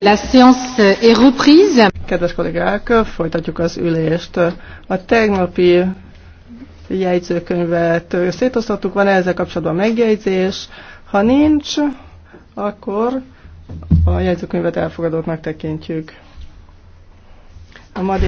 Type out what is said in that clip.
La séance est reprise. Kedves kollégák, folytatjuk az ülést. A tegnapi jegyzőkönyvet szétosztottuk, van -e ezzel kapcsolatban megjegyzés? Ha nincs, akkor a jegyzőkönyvet elfogadottnak tekintjük. A